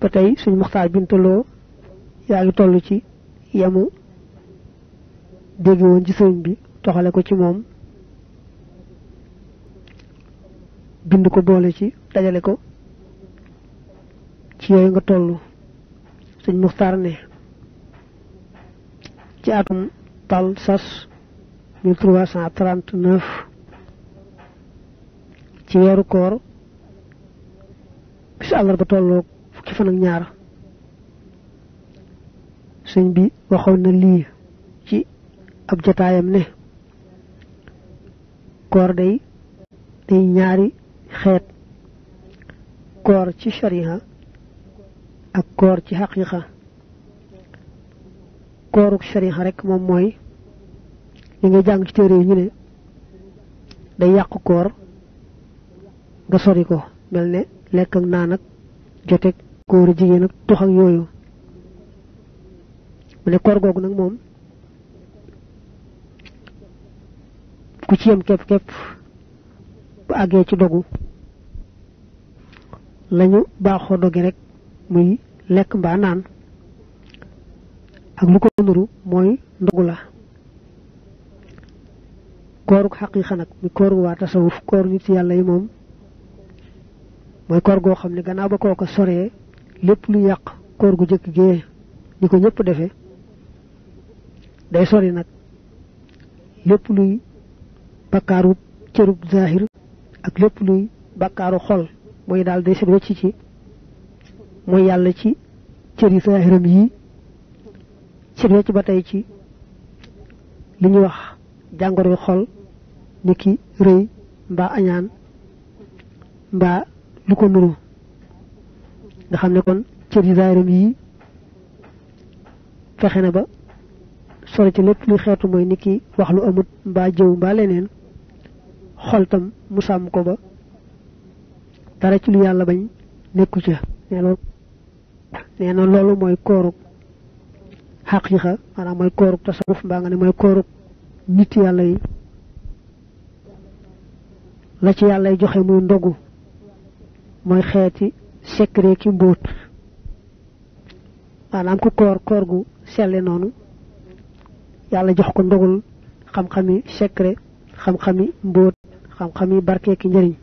ba tey muxtar bin tolo yaa ngi tollu ci yamu dégg woon ci sëriñ bi toxale ko ci moom bind ko boole ci dajale ko ci yooyu nga tollu suñ muxtar ne ci atum tal sas 1339 ci weeru koor bis àllarba tolloog fukki fan ak ñaar señ bi waxoon na lii ci ab jataayam ne koor day day ñaari xeet koor ci shariha ak koor ci haqiqa kooruk shariha rek moom mooy li nga jàng ci téere ñu ne day yàq koor nga sori ko mel ne lekk ak naan ak jotek koor jigéen ak tux ak yooyu mu ne koor googu nag moom ku ci yam kep kep bu àggee ci dogu lañu baaxoo dogi rek muy lekk mbaa naan ak lu ko nuru mooy ndogu la kooruk xaqiqa nag mi waa tasawuf koor nit yàlla yi moom mooy koor goo xam ne gannaaw ba soree lépp lu yàq koor gu jëkk gee ni ko ñëpp defee day sori nag lépp luy bakkaaru cërub zahir ak lépp luy bakkaaru xol mooy daal day set wecc ci mooy yàlla ci cëri zahiram yi set wecc ya ba tey ci li ñu wax jàngoro xol ni ki rëy mbaa añaan mbaa lu ko nuru nga xam ne kon cër yi zaayiram yi fexe na ba sore ci lépp luy xeetu mooy nit ki wax lu amut mbaa jëw mbaa leneen xol mu sàmm ko ba dara ci lu yàlla bañ nekku ca nee na loolu mooy koorug xaqiiqa maanaam mooy koorug tasawuf mbaa nga ne mooy koorug nit yàlla yi la ci yàlla joxe muy ndogu mooy xeeti Sekre ci mboot maanaam ku koor koor gu selle noonu yàlla jox ko ndogul xam-xami secret xam-xami mboot xam-xami ki njëriñ